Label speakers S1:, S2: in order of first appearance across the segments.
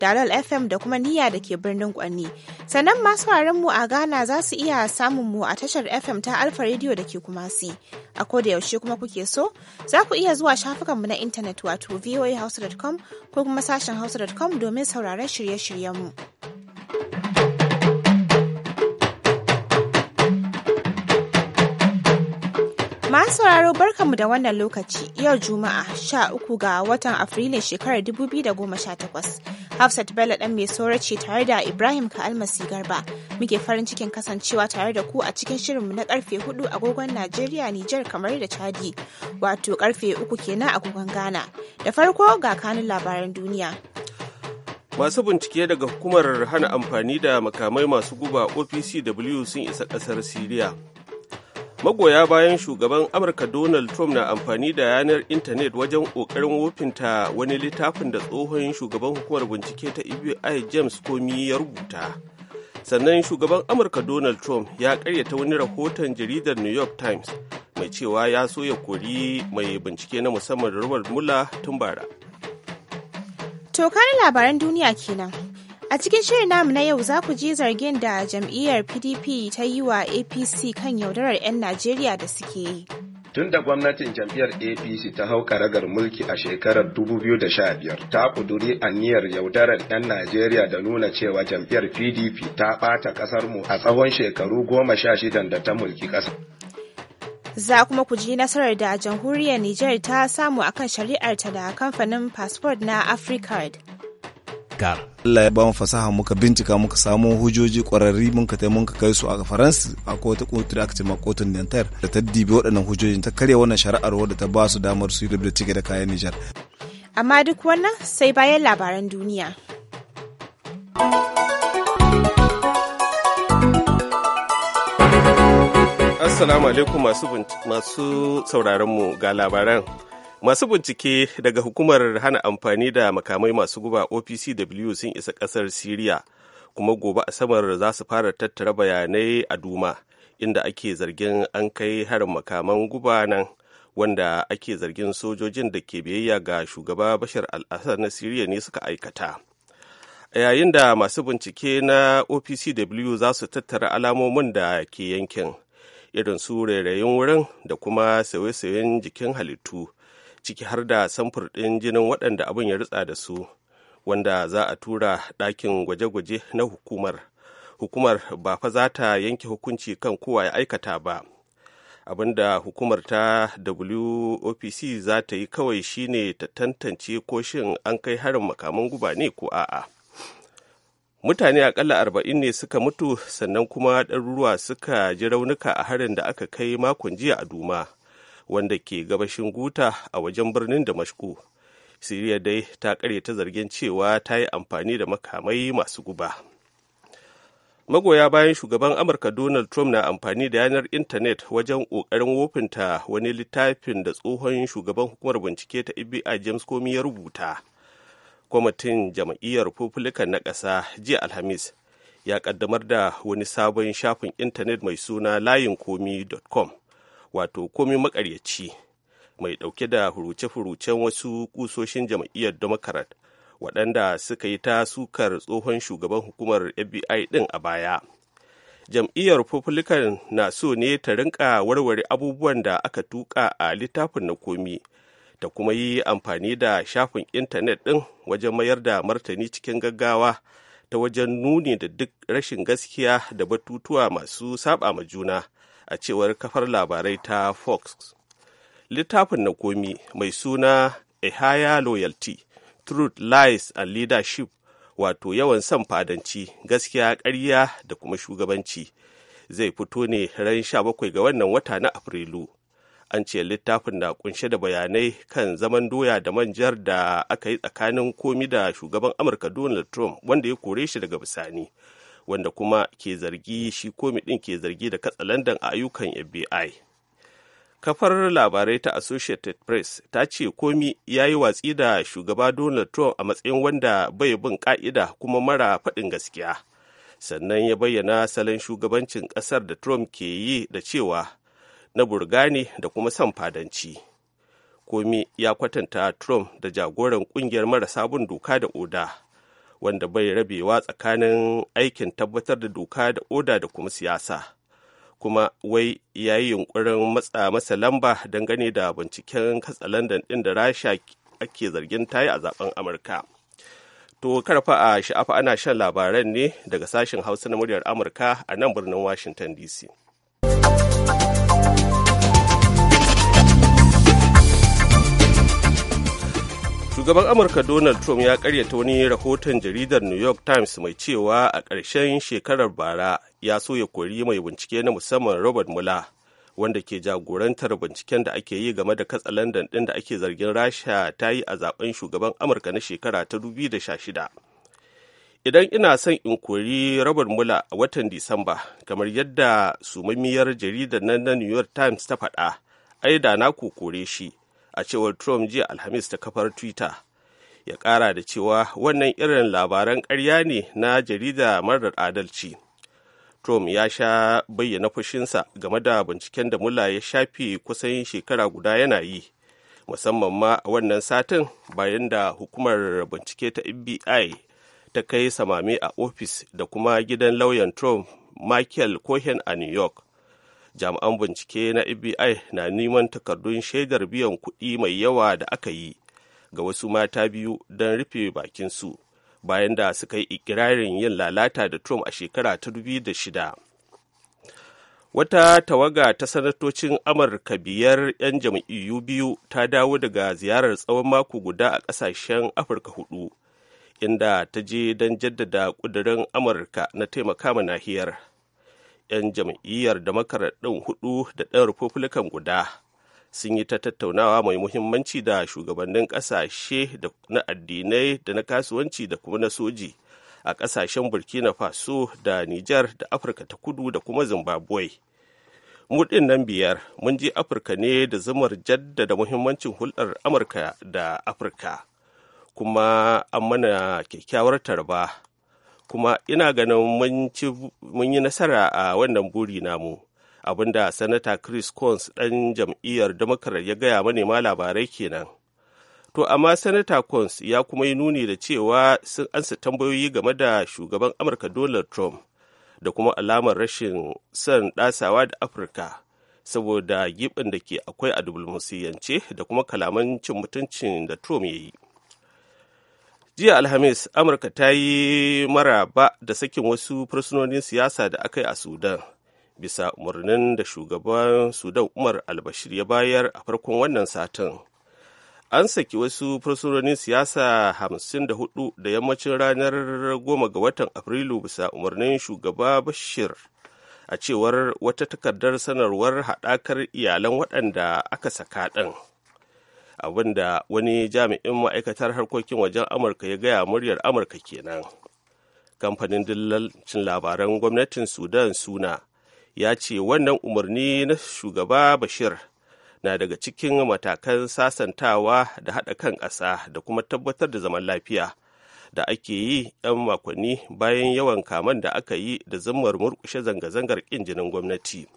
S1: dalal fm da kuma niya da ke birnin kwanni sannan masu mu a ghana za su iya samun mu a tashar fm ta alfa radio da ke kumasi a koda yaushe kuma kuke so za ku iya zuwa shafukanmu na intanet wato voahouse.com ko kuma sashen hausa.com domin sauraron shirye-shiryenmu. mu Masu sauraro barkanmu da wannan lokaci yau Juma'a 13 ga watan Afrilun shekarar 2018. Hafsat Bello dan mai saurace tare da Ibrahim Ka'almasi Garba. Muke farin cikin kasancewa tare da ku a cikin shirinmu na karfe 4 agogon Najeriya, Nijar kamar da Chadi, wato karfe 3 kenan agogon Ghana. Da farko ga kanun labaran duniya.
S2: Masu bincike daga hukumar hana amfani da makamai masu guba OPCW sun isa kasar Siriya. magoya bayan shugaban amurka donald trump na amfani da yanar intanet wajen ƙoƙarin wofinta wani littafin da tsohon shugaban hukumar bincike ta fbi e james comey ya rubuta sannan shugaban amurka donald trump ya karyata wani rahoton jaridar new york times mai cewa ya so ya kori mai bincike na musamman robert mula tun bara
S1: to labaran duniya kenan A cikin shirin namu na yau za ku ji zargin da jam'iyyar PDP ta yi wa APC kan yaudarar 'yan Najeriya da suke yi.
S3: Tun da gwamnatin jam'iyyar APC ta hau ragar mulki a shekarar 2015 ta kuduri aniyar yaudarar 'yan Najeriya da nuna cewa jam'iyyar PDP ta ɓata ƙasarmu a tsawon shekaru goma sha shidan da ta mulki ƙasa.
S1: Za kuma ku ji nasarar da jamhuriyar Nijar ta samu akan shari'arta da kamfanin passport na AfriCard.
S4: dakar Allah ya bamu fasaha muka bincika muka samu hujoji kwararri mun ka taimaka kai su a faransa a kotu kotu da aka ce makotun dantar da ta dibi waɗannan hujojin ta karya wannan shari'ar wadda ta ba su damar su yi da cike da kayan nijar
S1: amma duk wannan sai bayan labaran duniya
S2: Assalamu alaikum masu sauraron mu ga labaran. masu bincike daga hukumar hana amfani da makamai masu guba opcw sun isa kasar syria kuma gobe asabar za su fara tattara bayanai a duma inda ake zargin an kai harin makaman guba nan wanda ake zargin sojojin da ke biyayya ga shugaba bashar al-assad na syria ne suka aikata a yayin da masu bincike na opcw za su tattara alamomin da ke yankin irin su rairayin wurin da kuma sauye-sauyen jikin halittu ciki har da samfur ɗin jinin waɗanda abin ya ritsa da su wanda za a tura ɗakin gwaje-gwaje na hukumar hukumar ba fa za ta yanke hukunci kan kowa ya aikata ba abinda hukumar ta wopc za ta yi kawai shine ta tantance ko shin an kai harin makaman guba ne ko a'a mutane akalla arba'in ne suka mutu sannan kuma ɗaruruwa suka ji raunuka a harin da aka kai makon jiya a duma wanda ke gabashin guta a wajen birnin da mashku siriya dai ta karya ta zargin cewa ta yi amfani da makamai masu guba magoya bayan shugaban amurka donald trump na amfani da yanar intanet wajen ƙoƙarin wofinta wani littafin da tsohon shugaban hukumar bincike ta fbi james komi ya rubuta kwamitin jam'iyyar republican na ƙasa jiya alhamis ya ƙaddamar da wani sabon shafin intanet mai suna layin komi.com wato komi makaryaci mai ɗauke da furuce-furucen wasu kusoshin jam'iyyar democrat waɗanda suka yi ta sukar tsohon shugaban hukumar fbi ɗin a baya jam'iyyar republican na so ne ta rinka warware abubuwan da aka tuka a littafin na komi ta kuma yi amfani da shafin intanet ɗin wajen mayar da martani cikin gaggawa ta wajen nuni da duk rashin gaskiya da batutuwa masu saba ma juna a cewar kafar labarai ta fox littafin na komi mai suna a higher loyalty truth lies and leadership wato yawan son fadanci gaskiya ƙarya da kuma shugabanci zai fito ne ran 17 ga wannan wata na afrilu an ce littafin na kunshe da bayanai kan zaman doya da manjar da aka yi tsakanin komi da shugaban amurka donald trump wanda ya kore shi daga bisani wanda kuma ke zargi shi komi ɗin ke zargi da katsalandan a ayyukan FBI. Kafar labarai ta Associated Press ta ce komi ya yi watsi da shugaba Donald Trump a matsayin wanda bai bin ƙa'ida kuma mara faɗin gaskiya. Sannan ya bayyana salon shugabancin ƙasar da Trump ke yi da cewa na burgani da kuma son fadanci. Komi ya kwatanta Trump da jagoran ƙungiyar marasa bin doka da oda. wanda bai rabewa tsakanin aikin tabbatar da doka da oda da kuma siyasa kuma wai ya yi yunkurin matsa masa lamba dangane da binciken katsalandan ɗin da rasha ake zargin tayi a zaben amurka to karfa a sha'afa ana shan labaran ne daga sashen hausa na muryar amurka a nan birnin washington dc shugaban amurka donald trump ya karyata wani rahoton jaridar new york times mai cewa a ƙarshen shekarar bara ya so ya kori mai bincike na musamman robert mueller wanda ke jagorantar binciken da ake yi game da katsalandan ɗin da ake zargin rasha ta yi a zaben shugaban amurka na shekara ta da shida idan ina son in kori robert mueller a watan disamba kamar yadda sumammiyar jaridar nan na new york times ta faɗa ai da na kore shi a cewar Trump jiya Alhamis ta kafar Twitter. Ya ƙara da cewa wannan irin labaran ƙarya ne na jarida marar adalci. Trump ya sha bayyana fushinsa game da binciken da Mula ya shafe kusan shekara guda yana yi, musamman ma a wannan satin bayan da hukumar bincike ta FBI ta kai samame a ofis da kuma gidan lauyan Trump Michael Cohen a New York. jami'an bincike na fbi na neman takardun shaidar biyan kuɗi mai yawa da aka yi ga wasu mata biyu don rufe bakinsu bayan da suka yi ikirarin yin lalata da trump a shekara ta shida. wata tawaga ta sanatocin amurka biyar 'yan jam'iyyu biyu ta dawo daga ziyarar tsawon mako guda a ƙasashen afirka hudu inda ta je don jaddada ƙudurin amurka na taimaka nahiyar 'yan jam'iyyar damakarar ɗin hudu da ɗan republican guda sun yi ta tattaunawa mai muhimmanci da shugabannin ƙasashe na addinai da na kasuwanci da kuma na soji a ƙasashen burkina faso da Nijar da afirka ta kudu da kuma zimbabwe mu nan biyar mun je afirka ne da zumar jaddada muhimmancin hulɗar amurka da afirka kuma an mana kyakkyawar tarba kuma ina ganin mun yi nasara a wannan buri namu abinda sanata chris coons ɗan jam'iyyar democrat ya gaya manema labarai kenan to amma sanata coons ya kuma yi nuni da cewa sun ansa tambayoyi game da shugaban amurka donald trump da kuma alamar rashin son ɗasawa da afirka saboda gibin da ke akwai a dubulmusiyance da kuma kalaman cin mutuncin da trump ya yi jiya alhamis amurka ta yi maraba da sakin wasu fursunonin siyasa da aka yi a sudan bisa umarnin da shugaban sudan umar albashir ya bayar a farkon wannan satin an saki wasu fursunonin siyasa 54 da yammacin ranar 10 ga watan afrilu bisa umarnin shugaba bashir a cewar wata takardar sanarwar haɗakar iyalan waɗanda aka saka ɗin abinda wani jami'in ma'aikatar harkokin wajen amurka ya gaya muryar amurka kenan kamfanin dillancin labaran gwamnatin sudan suna ya ce wannan umarni na shugaba bashir na daga cikin matakan sasantawa da haɗa kan ƙasa da kuma tabbatar da zaman lafiya da ake yi 'yan makonni bayan yawan kaman da aka yi da zammar murƙushe zanga-zangar ƙin jinin gwamnati.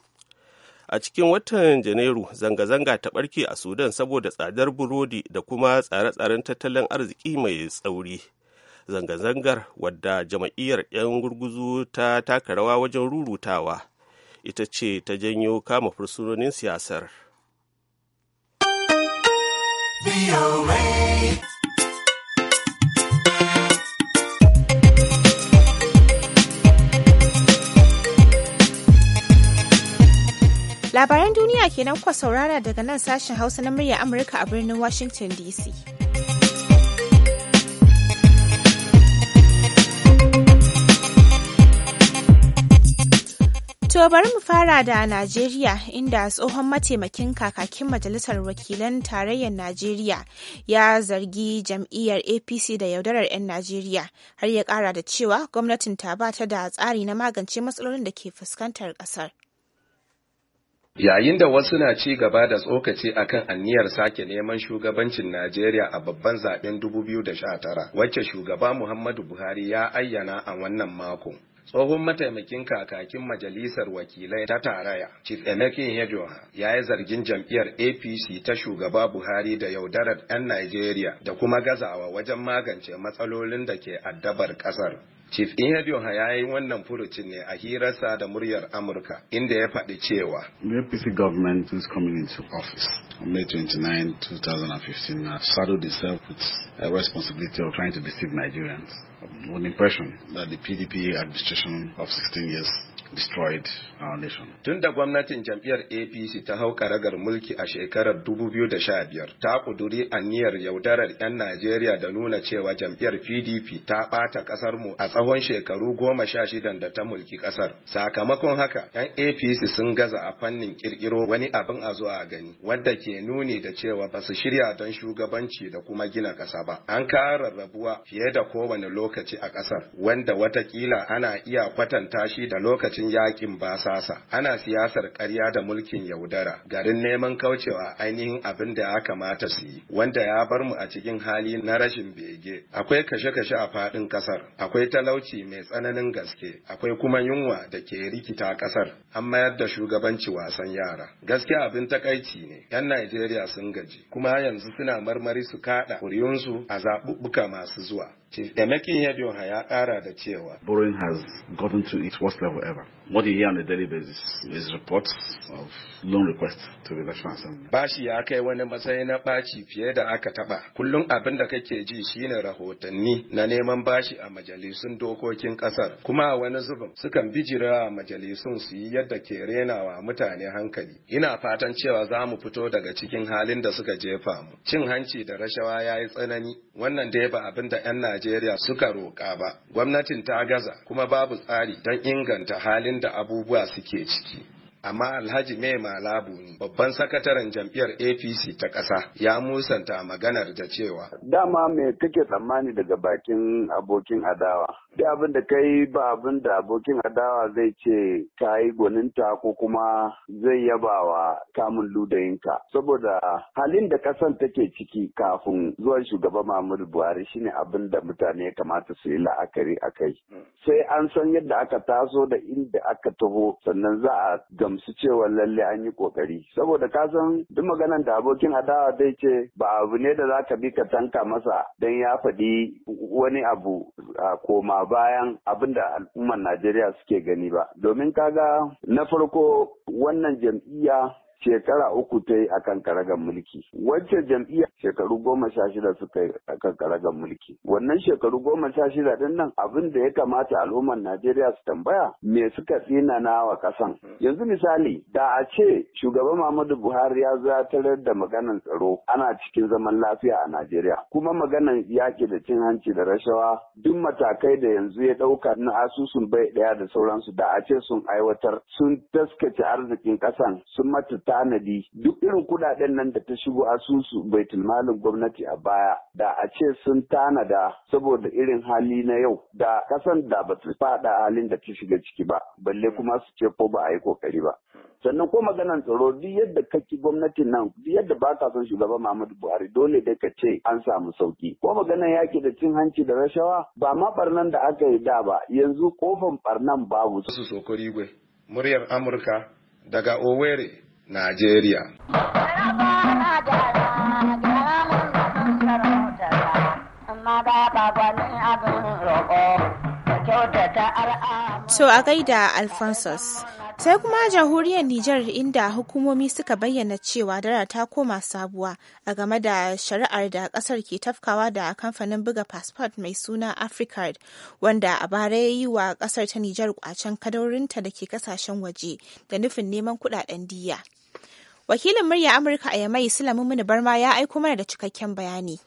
S2: a cikin watan janairu zanga-zanga ta barke a sudan saboda tsadar burodi da kuma tsare-tsaren tattalin arziki mai tsauri zanga-zangar wadda jama'iyyar 'yan gurguzu ta taka rawa wajen rurutawa ita ce ta janyo kama fursunonin siyasar.
S1: Labaran duniya kenan kuka saurara daga nan sashen Hausa na murya Amurka a birnin Washington DC. To bari mu fara da Najeriya inda tsohon mataimakin kakakin Majalisar Wakilan Tarayyar Najeriya ya zargi jam'iyyar APC da yaudarar 'yan Najeriya har ya kara da cewa gwamnatin ta bata da tsari na magance matsalolin da ke fuskantar kasar.
S3: Yayin da wasu na ci gaba da tsokaci akan anniyar sake neman shugabancin Najeriya a babban zaben 2019, wacce shugaba Muhammadu Buhari ya ayyana a wannan mako? tsohon mataimakin kakakin majalisar wakilai ta taraya chief emekin hejoha ya yi zargin jam'iyyar apc ta shugaba buhari da yaudarar 'yan najeriya da kuma gazawa wajen magance matsalolin da ke addabar ƙasar. Chief wannan furucin ne a hirarsa da muryar Amurka inda ya faɗi cewa. The APC government is coming into office on May 29, 2015 has saddled itself with a responsibility of trying to deceive Nigerians. One impression that the PDP administration of 16 years destroyed our nation. Tun da gwamnatin jam'iyyar APC ta hau karagar mulki a shekarar 2015 ta kuduri aniyar yaudarar 'yan Najeriya da nuna cewa jam'iyyar PDP ta ɓata ƙasar mu a tsawon shekaru goma sha shidan da ta mulki ƙasar. Sakamakon haka 'yan APC sun gaza a fannin ƙirƙiro wani abin a zuwa gani wanda ke nuni da cewa ba su shirya don shugabanci da kuma gina ƙasa ba. An kara rabuwa fiye da kowane lokaci a ƙasar wanda watakila ana iya kwatanta shi da lokaci lokacin yakin basasa ana siyasar ƙarya da mulkin yaudara garin neman kaucewa ainihin abin da ya kamata su yi wanda ya bar mu a cikin hali na rashin bege akwai kashe-kashe a faɗin ƙasar akwai talauci mai tsananin gaske akwai kuma yunwa da ke rikita ƙasar an mayar da shugabanci wasan yara gaskiya abin takaici ne yan Najeriya sun gaji kuma yanzu suna marmari su kaɗa ƙuri'unsu a zaɓuɓɓuka masu zuwa Chief Emekin ha ya kara da cewa. Borrowing has gotten to its worst level ever. What you hear on a daily basis is reports of loan requests to the National Assembly. Bashi ya kai wani matsayi na baci fiye da aka taba. Kullum abin da kake ji shine rahotanni na neman bashi a majalisun dokokin kasar. Kuma a wani zubin sukan bijira a majalisun su yi yadda ke renawa mutane hankali. Ina fatan cewa za mu fito daga cikin halin da suka jefa mu. Cin hanci da rashawa ya yi tsanani. Wannan dai ba abin da 'yan Najeriya suka roƙa ba. Gwamnatin ta gaza kuma babu tsari don inganta halin da abubuwa suke ciki. amma Alhaji Mema ne. babban sakataren jam'iyyar APC ta ƙasa ya musanta maganar da cewa
S5: dama me kake tsammani daga bakin abokin adawa da abin da kai ba abin da abokin adawa zai ce ka yi gwaninta ko kuma zai yaba wa kamun ludayinka saboda halin da ƙasan take ciki kafin zuwan shugaba Muhammadu Buhari shine abin da mutane ya kamata su yi la'akari a kai hmm. sai an san yadda aka taso da inda aka taho sannan za a gamsu cewa lalle an yi kokari saboda ka san duk maganan da abokin adawa zai ce ba abu ne da zaka bi ka tanka masa dan ya faɗi wani abu a koma bayan abin da al'ummar Najeriya suke gani ba domin kaga na farko wannan jam'iyya shekara uku ta yi akan karagar mulki wacce jam'iyya shekaru goma sha shida suka yi akan karagar mulki wannan shekaru goma sha shida din nan abin da ya kamata al'ummar najeriya su tambaya me suka tsina na wa kasan yanzu misali da a ce shugaban muhammadu buhari ya zatarar da maganan tsaro ana cikin zaman lafiya a najeriya kuma maganan yaƙi da cin hanci da rashawa duk matakai da yanzu ya ɗauka na asusun bai ɗaya da sauransu da a ce sun aiwatar sun taskace arzikin kasan sun mata tanadi duk irin kudaden nan da ta shigo asusu bai malin gwamnati a baya da a ce sun tanada saboda irin hali na yau da kasan da ba su fada halin da ta shiga ciki ba balle kuma su ce ko ba a yi kokari ba sannan ko maganan tsaro duk yadda kake gwamnatin nan duk yadda ba ka son shugaba Muhammadu Buhari dole dai ka ce an samu sauki ko maganan yaki da cin hanci da rashawa ba ma barnan da aka yi da ba yanzu kofan barnan babu su sokori gwe
S3: muryar Amurka daga Owerri Najeriya.
S1: To a gaida Alphonsus. Sai kuma jamhuriyar Nijar inda hukumomi suka bayyana cewa dara ta koma sabuwa a game da shari'ar da kasar ke tafkawa da kamfanin buga fasfot mai suna Africard wanda a bara ya yi wa kasar ta Nijar kwacen kadaurinta da ke kasashen waje da nufin neman kudaden diya. Wakilin murya Amurka a Yamai Sulamu Mini Barma ya aiko mana da cikakken bayani.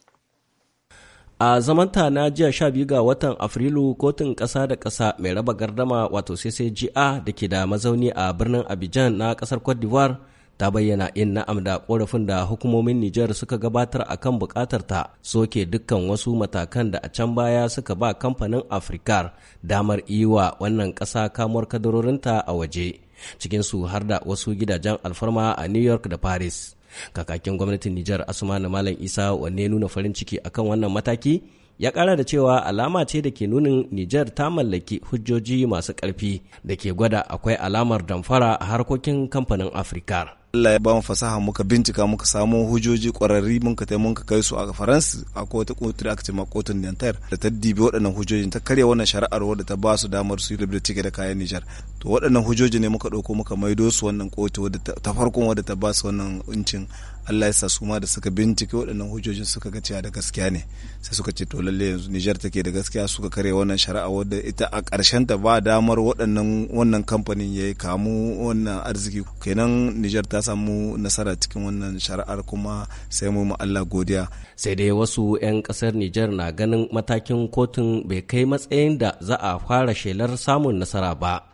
S6: a zamanta na jiya sha biyu ga watan afrilu kotun ƙasa da ƙasa mai raba gardama wato ccga da ke da mazauni a birnin abidjan na ƙasar cote d'ivoire ta bayyana in na'am da korafin da hukumomin nijar suka gabatar a kan bukatarta ta soke dukkan wasu matakan da a can baya suka ba kamfanin afrikar damar yi wa wannan ƙasa kamuwar kadarorinta a waje cikinsu har da wasu gidajen alfarma a New York da Paris. Kakakin gwamnatin Nijar Asumani Malam Isa wanne nuna farin ciki akan wannan mataki ya kara da cewa alama ce da ke nunin Nijar ta mallaki hujjoji masu karfi da ke gwada akwai alamar damfara a harkokin kamfanin Afirka.
S4: Allah ya ba mu fasaha muka bincika muka samu hujjoji kwararri mun ka mun ka kai su a Faransa a wata kotu da aka ce makotun Nantar da ta dibi waɗannan hujjojin ta karya wannan shari'ar wadda ta ba su damar su yi da cike da kayan Nijar to waɗannan hujjoji ne muka ɗauko muka maido su wannan kotu ta farkon wadda ta ba su wannan incin Allah ya sa su ma da suka bincike waɗannan hujjojin suka ga cewa da gaskiya ne sai suka ce to lalle yanzu Niger take da gaskiya suka kare wannan shari'a wadda ita a ƙarshen ta ba damar waɗannan wannan kamfanin ya kamu wannan arziki kenan nijar ta samu nasara cikin wannan shari'ar kuma sai
S6: mu mu Allah godiya sai dai wasu 'yan ƙasar nijar na ganin matakin kotun bai kai matsayin da za a fara shelar samun nasara ba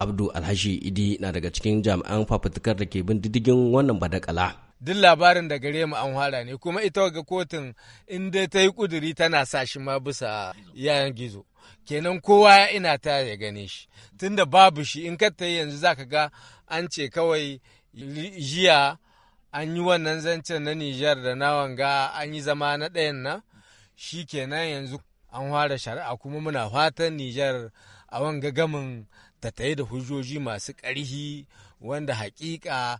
S6: abdu alhaji idi na daga cikin jami'an fafutukar da ke bin didigin wannan badakala
S3: duk labarin da gare mu an hara ne kuma ita ga kotun in dai ta yi kuduri tana sa shi ma bisa yayan gizo kenan kowa ya ina ta ya gane shi tunda babu shi in ka yi yanzu ka ga an ce kawai jiya an yi wannan zancen na Nijar da na wanga an yi zama na ɗayan nan shi kenan yanzu an fara shari'a kuma muna fatan Nijar a wanga gamin ta tayi da hujjoji masu ƙarhi wanda haƙiƙa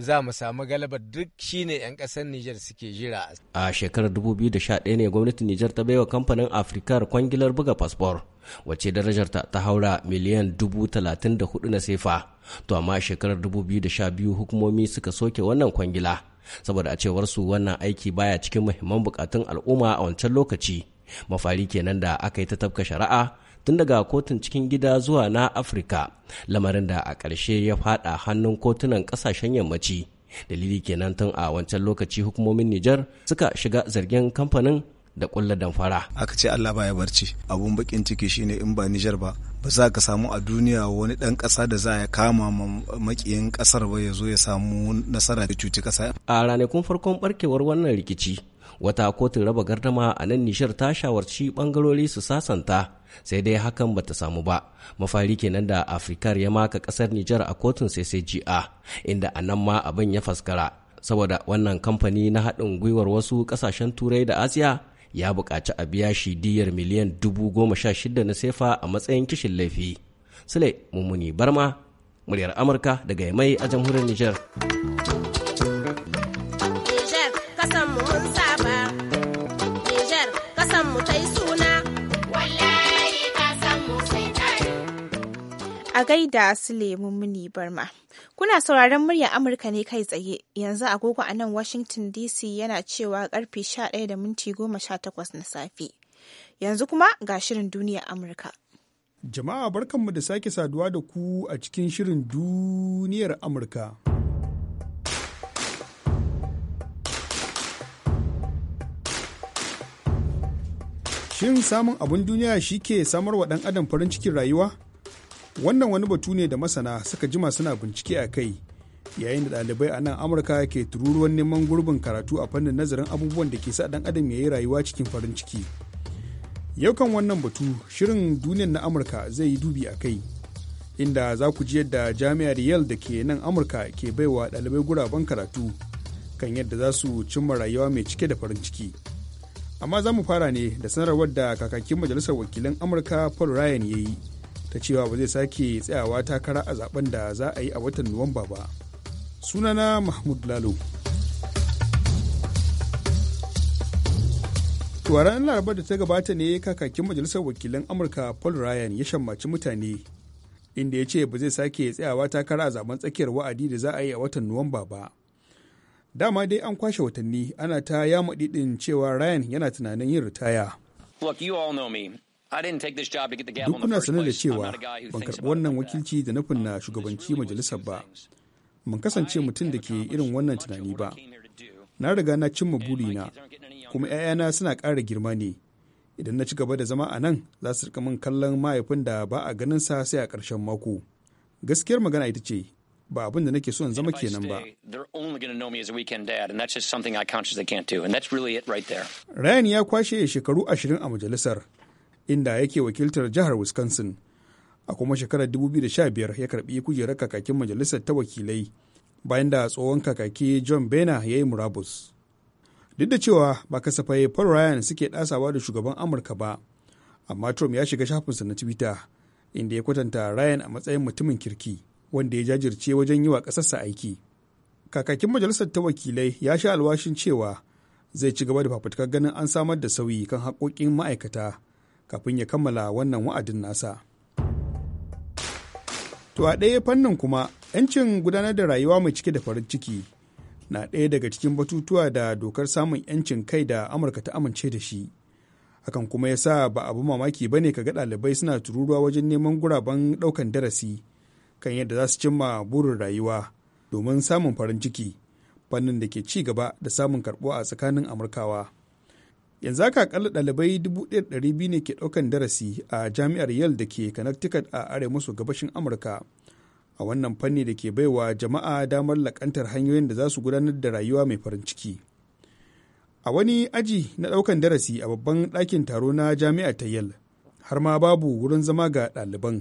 S3: za mu samu galabar duk shine 'yan ƙasar Nijar
S7: suke jira.
S6: A shekarar 2011 ne gwamnatin Nijar ta baiwa kamfanin Afrikar kwangilar buga fasfor, wacce darajarta ta haura miliyan 34 na sefa. To amma shekarar 2012 hukumomi suka soke wannan kwangila, saboda a cewar su wannan aiki baya cikin muhimman bukatun al'umma a wancan lokaci. Mafari kenan da aka yi ta tafka shari'a tun daga kotun cikin gida zuwa na afirka lamarin da a ƙarshe ya faɗa hannun kotunan ƙasashen yammaci dalili kenan tun a wancan lokaci hukumomin nijar suka shiga zargin kamfanin da ƙulla damfara. Aka ce Allah ba baya barci. Abun
S4: bakin ciki shine in ba Nijar ba, ba za ka samu a duniya wani ɗan ƙasa da za ya kama
S6: makiyin ƙasar ba ya zo ya samu nasara da cuci ƙasa. A ranakun farkon barkewar wannan rikici, wata kotun raba gardama a nan Nijar ta shawarci bangarori su sasanta sai dai hakan bata samu ba mafari kenan da afrikar ya maka kasar nijar a kotun ccga inda a nan ma abin ya faskara saboda wannan kamfani na haɗin gwiwar wasu ƙasashen turai da asiya ya buƙaci a biya shi diyar miliyan dubu goma sha shida na sefa a matsayin kishin laifi sule mummuni barma muryar amurka daga mai a jamhuriyar nijar
S1: gaida su lemu muni barma. Kuna sauraron murya Amurka ne kai tsaye yanzu agogo a nan Washington DC yana cewa karfe 11 da minti 18 na safe. Yanzu kuma ga shirin duniya Amurka.
S8: Jama'a barkanmu da sake saduwa da ku a cikin shirin duniyar Amurka. Shin samun abin duniya shi ke samar wa ɗan adam farin cikin rayuwa? wannan wani batu ne da masana suka jima suna bincike a kai yayin da ɗalibai a nan amurka ke tururuwan neman gurbin karatu a fannin nazarin abubuwan da ke sa ɗan adam ya yi rayuwa cikin farin ciki yau kan wannan batu shirin duniyar na amurka zai yi dubi a kai inda za ku ji yadda jami'ar yale da ke nan amurka ke baiwa ɗalibai guraben karatu kan yadda za su cimma rayuwa mai cike da farin ciki amma za mu fara ne da sanarwar da kakakin majalisar wakilan amurka paul ryan ya yi ta cewa ba zai sake tsayawa takara a zaben da za a yi a watan nuwamba ba sunana mahmud lalo ranar larabar da ta gabata ne kakakin majalisar wakilan amurka paul ryan ya shammaci mutane inda ya ce ba zai sake tsayawa takara a zaben tsakiyar wa'adi da za a yi a watan nuwamba ba dama dai an kwashe watanni ana ta yama cewa ryan yana tunanin yin ritaya
S9: Duk kuna sanar da cewa ban karɓi
S8: wannan wakilci da nufin na shugabanci majalisar ba. Ban kasance mutum da ke irin wannan tunani ba. Na riga na cimma burina, kuma 'ya'yana suna ƙara girma ne. Idan na ci gaba da zama a nan, za su rika min kallon mahaifin da ba a ganin sa sai a ƙarshen mako. Gaskiyar magana ita ce, ba abin da nake so in zama kenan ba. Ryan ya kwashe shekaru ashirin a majalisar inda yake wakiltar jihar wisconsin a kuma shekarar 2015 ya karbi kujerar kakakin majalisar ta wakilai bayan da tsohon kakaki john bena ya yi murabus duk da cewa ba kasafai paul ryan suke dasawa da shugaban amurka ba amma trump ya shiga shafinsa na twitter inda ya kwatanta ryan a matsayin mutumin kirki wanda ya jajirce wajen yi wa ƙasarsa aiki kakakin majalisar ta wakilai ya sha alwashin cewa zai ci gaba da fafutukar ganin an samar da sauyi kan haƙoƙin ma'aikata kafin ya kammala wannan wa'adin nasa to a ɗaya fannin kuma 'yancin gudanar da rayuwa mai cike da farin ciki na ɗaya daga cikin batutuwa da dokar samun 'yancin kai da amurka ta amince da shi hakan kuma ya sa ba abu mamaki ba ne ga ɗalibai suna tururuwa wajen neman guraben ɗaukan darasi kan yadda za su cimma burin rayuwa domin samun farin ciki fannin da ke ci gaba da samun karɓuwa a tsakanin amurkawa yanzu haka akalla dalibai 1,200 ne ke daukan darasi a jami'ar yale da ke connecticut a arewa maso gabashin amurka a wannan fanni da ke baiwa jama'a damar lakantar hanyoyin da za su gudanar da rayuwa mai farin ciki a wani aji na daukan darasi a babban ɗakin taro na jami'a ta yale har ma babu wurin zama ga ɗaliban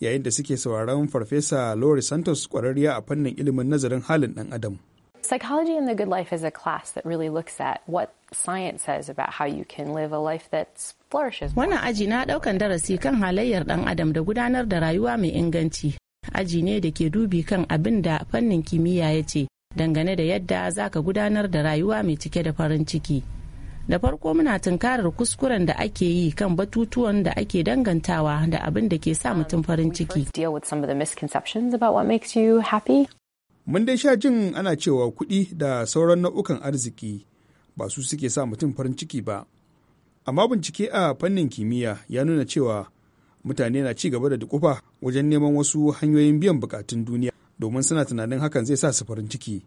S8: yayin da suke sauraron farfesa lori santos kwararriya a fannin ilimin nazarin halin ɗan adam
S9: psychology in the good life is a class that really looks at what science says about how you can live a life that's flourishes. Wannan aji na daukan darasi kan halayyar dan adam da gudanar da rayuwa mai inganci. Aji ne da ke dubi kan abin da fannin kimiyya ya ce dangane da yadda za ka gudanar da rayuwa mai cike da farin ciki. Da farko muna tunkarar kuskuren da ake yi kan batutuwan da ake dangantawa da abin da ke sa um, mutum farin ciki.
S8: Mun dai sha jin ana cewa kuɗi da sauran nau'ukan arziki ba su suke sa mutum farin ciki ba amma bincike a fannin kimiyya ya nuna cewa mutane na ci gaba da dukufa wajen neman wasu hanyoyin biyan bukatun duniya domin suna tunanin hakan zai sa su farin ciki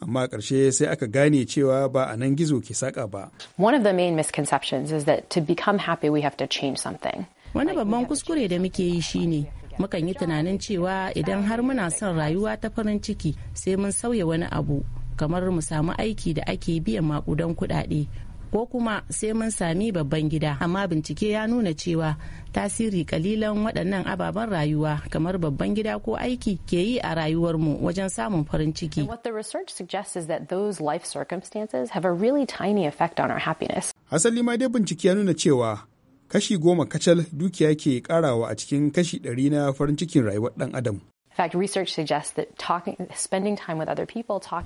S8: amma a ƙarshe sai aka gane cewa ba a nan gizo ke saƙa ba.
S9: One of the main misconceptions is that to become happy we have to change something. Wani babban kuskure da muke yi shine mukan yi tunanin cewa idan har muna son rayuwa ta farin ciki sai mun sauya wani abu. kamar mu samu aiki da ake biyan makudan kuɗaɗe ko kuma sai mun sami babban gida amma bincike ya nuna cewa tasiri kalilan waɗannan ababen rayuwa kamar babban gida ko aiki ke yi a rayuwarmu wajen samun farin ciki. what the research suggests is that those life circumstances have a really tiny effect on our happiness.
S8: Asali ma dai bincike ya nuna cewa kashi goma kacal dukiya ke karawa a cikin kashi ɗari na farin cikin rayuwar ɗan adam.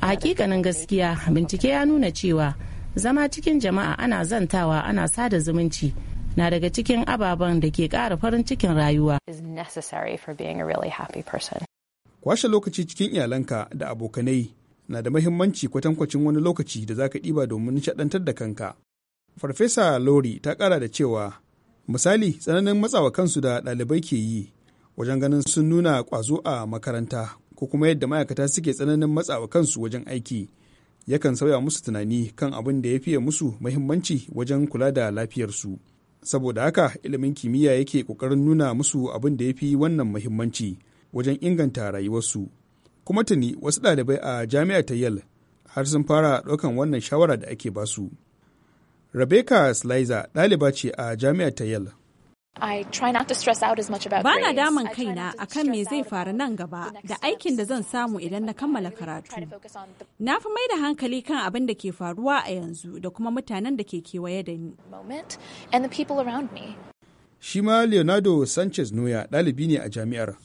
S9: Hakikanin gaskiya bincike ya nuna cewa zama cikin jama'a ana zantawa ana sada zumunci na daga cikin ababen da ke kara farin cikin rayuwa. Kwashe lokaci
S8: cikin iyalanka da abokanai na da mahimmanci kwatankwacin wani lokaci da za ka ɗiba domin nishaɗantar da kanka. Farfesa Lori ta kara da cewa, misali tsananin matsawa kansu da ɗalibai ke yi wajen ganin sun nuna ƙwazo a makaranta ko kuma yadda ma'aikata suke tsananin matsawa kansu wajen aiki yakan sauya musu tunani kan abin da ya fiye musu mahimmanci wajen kula da lafiyarsu saboda haka ilimin kimiyya yake ƙoƙarin nuna musu abin da ya fi wannan mahimmanci wajen inganta rayuwarsu kuma tuni wasu ɗalibai a jami'a ta yale har sun fara ɗaukan wannan shawara da ake basu. Rebecca Slizer ɗaliba ce a jami'ar ta Yale
S6: Ba
S7: na damun kaina akan me zai faru nan gaba da aikin da zan samu idan na kammala karatu. Na fi mai da hankali kan abin da ke faruwa a yanzu da kuma mutanen da ke kewaye da ni. Shi ma
S8: Leonardo Sanchez Noya ɗalibi ne a jami'ar.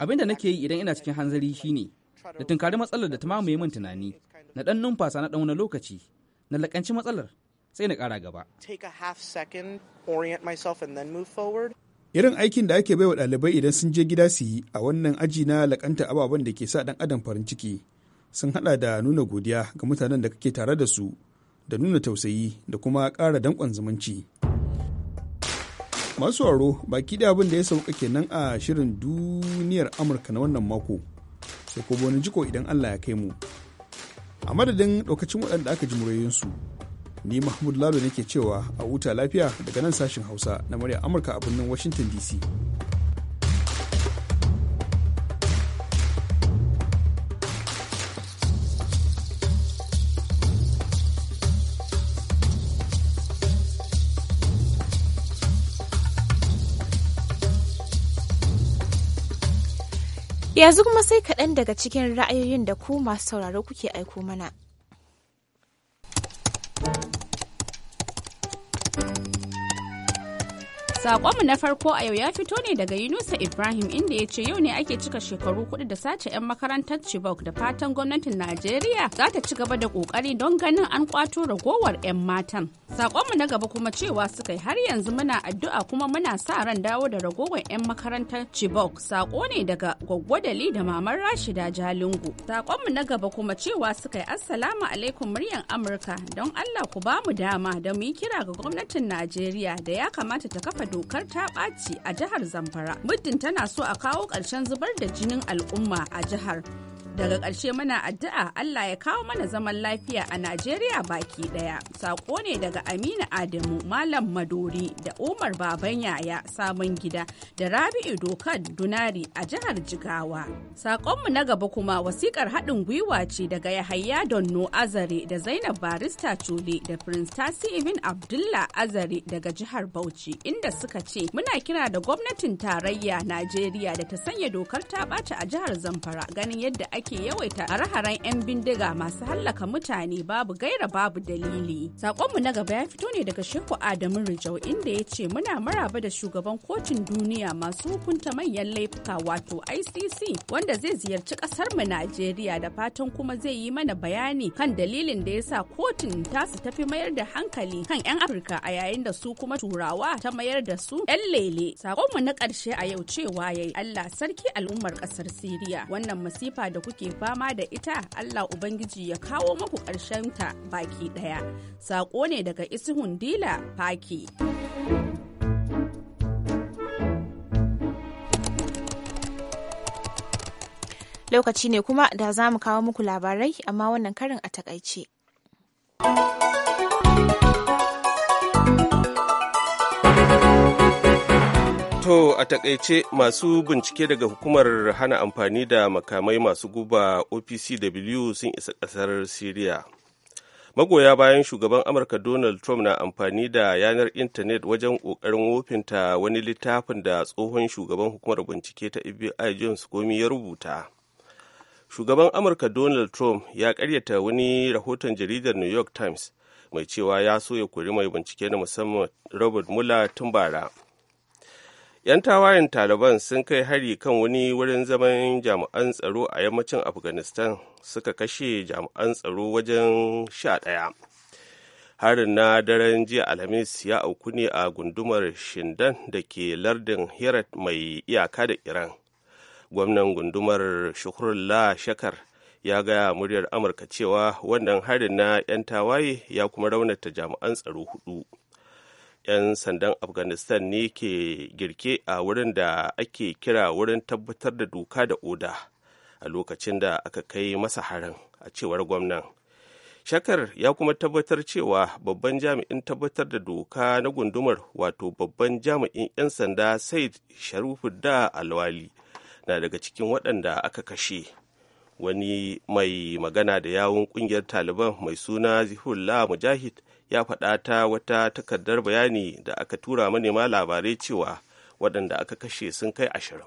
S6: Abin da nake yi idan ina cikin hanzari shi ne da tunkari matsalar da ta mamaye min tunani na ɗan numfasa na ɗan wani lokaci na laƙanci matsalar sai na kara gaba.
S8: Irin aikin da ake baiwa ɗalibai idan sun je gida su yi a wannan aji na laƙanta ababen da ke sa ɗan adam farin ciki sun haɗa da nuna godiya ga mutanen da kake tare da su da nuna tausayi da kuma ƙara danƙon zumunci. Masu waro baki da abin da ya sauka kenan a shirin duniyar Amurka na wannan mako sai ko jiko idan Allah ya kai mu. A madadin ɗaukacin waɗanda aka ji murayensu ni mahmud lalo nake cewa a wuta lafiya daga nan sashen hausa na murya amurka a birnin washington dc
S1: yanzu kuma sai kaɗan daga cikin ra'ayoyin da ku masu sauraro kuke aiko mana
S7: Sakonmu na farko a yau ya fito ne daga Yunusa Ibrahim inda ya ce yau ne ake cika shekaru kuɗi da sace 'yan makarantar Chibok da fatan gwamnatin Najeriya za ta ci gaba da ƙoƙari don ganin an kwato ragowar 'yan matan. Saƙonmu na gaba kuma cewa suka yi har yanzu muna addu'a kuma muna sa ran dawo da ragowar 'yan makarantar Chibok. Sako ne daga Gwaggwadali da Maman Rashida Jalingo. Saƙonmu na gaba kuma cewa suka yi Assalamu alaikum muryar Amurka don Allah ku ba mu dama da mu yi kira ga gwamnatin Najeriya da ya kamata ta kafa dokar ta ɓaci a jihar Zamfara. Muddin tana so a kawo ƙarshen zubar da jinin al'umma a jihar. Daga ƙarshe mana addu'a Allah ya kawo mana zaman lafiya a Najeriya baki ɗaya. Sako ne daga Aminu Adamu, Malam Madori da Umar Baban Yaya Sabon Gida da Rabi'u Dokan Dunari a jihar Jigawa. Sakonmu na gaba kuma wasikar haɗin gwiwa ce daga Yahaya Donno Azare da Zainab Barista Cule da Prince Tasi Ibn Abdullah Azare daga jihar Bauchi inda suka ce muna kira da gwamnatin tarayya Najeriya da ta sanya dokar ta ɓaci a jihar Zamfara ganin yadda ake yawaita hare-haren 'yan bindiga masu hallaka mutane babu gaira babu dalili. Sakonmu na gaba ya fito ne daga Shehu Adamu Rijau inda ya ce muna maraba da shugaban kotun duniya masu hukunta manyan laifuka wato ICC wanda zai ziyarci kasar mu Najeriya da fatan kuma zai yi mana bayani kan dalilin da ya sa kotun ta su tafi mayar da hankali kan 'yan Afirka a yayin da su kuma turawa ta mayar da su 'yan lele. Sakonmu na ƙarshe a yau cewa yayi Allah sarki al'ummar ƙasar Siriya wannan masifa da ku kuke fama da ita Allah Ubangiji ya kawo muku ta baki ɗaya. Saƙo ne daga Isihun Dila Faki.
S1: Lokaci ne kuma da za mu kawo muku labarai amma wannan karin a takaice.
S2: To a takaice masu bincike daga hukumar hana amfani da makamai masu guba OPCW sun isa ƙasar Siriya. Magoya bayan shugaban Amurka Donald Trump na amfani da yanar intanet wajen ƙoƙarin wofinta wani littafin da tsohon shugaban hukumar bincike ta FBI James Comey ya rubuta. Shugaban Amurka Donald Trump ya karyata wani rahoton jaridar New York Times mai cewa ya so ya kori mai bincike na musamman Robert Mueller tun bara. 'yan tawayen taliban sun kai hari kan wani wurin zaman jami'an tsaro a yammacin afghanistan suka kashe jami'an tsaro wajen sha ɗaya harin na daren jiya alhamis ya auku ne a gundumar shindan da ke lardin herat mai iyaka da iran gwamnan gundumar shukrullah shakar ya gaya muryar amurka cewa wannan harin na 'yan tawaye ya kuma raunata jami'an tsaro hudu 'yan sandan afghanistan ne ke girke a wurin da ake kira wurin tabbatar da doka da oda a lokacin da aka kai masa harin a cewar gwamnan shakar ya kuma tabbatar cewa babban jami'in tabbatar da doka na gundumar wato babban jami'in 'yan sanda said sharifudda alwali na daga cikin waɗanda aka kashe wani mai magana da yawun ƙungiyar taliban mai suna zihullah mujahid ya faɗa ta wata takardar bayani da aka tura manema labarai cewa waɗanda aka kashe sun kai ashirin.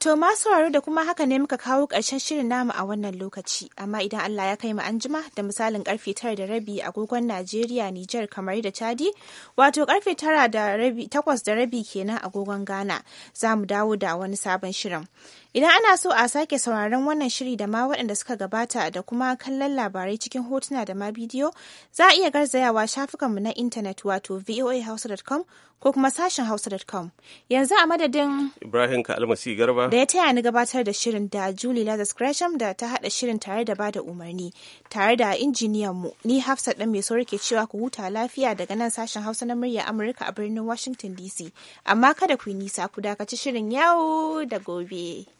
S1: To masu sauraro da kuma haka ne muka kawo ƙarshen shirin namu a wannan lokaci, amma idan Allah ya kai mu anjima da misalin karfe tara da rabi agogon Najeriya, Nijar, kamar da Chadi, wato karfe tara da rabi takwas da rabi kenan agogon Ghana, za mu dawo da wani sabon shirin. Idan ana so a sake sauraron wannan shiri da ma waɗanda suka gabata da kuma kallon labarai cikin hotuna da ma bidiyo, za a iya garzayawa shafukanmu na intanet wato voahouse.com ko kuma sashen hausa.com. Yanzu a madadin
S2: Ibrahim Kalmasi Garba da ya
S1: taya ni gabatar da shirin da Julie Lazarus Gresham da ta haɗa shirin tare da bada umarni tare da injiniyan mu ni hafsa ɗan mai sauri ke cewa ku huta lafiya daga nan sashen Hausa na murya Amurka a birnin Washington DC. Amma kada ku yi nisa ku dakaci shirin yau da gobe.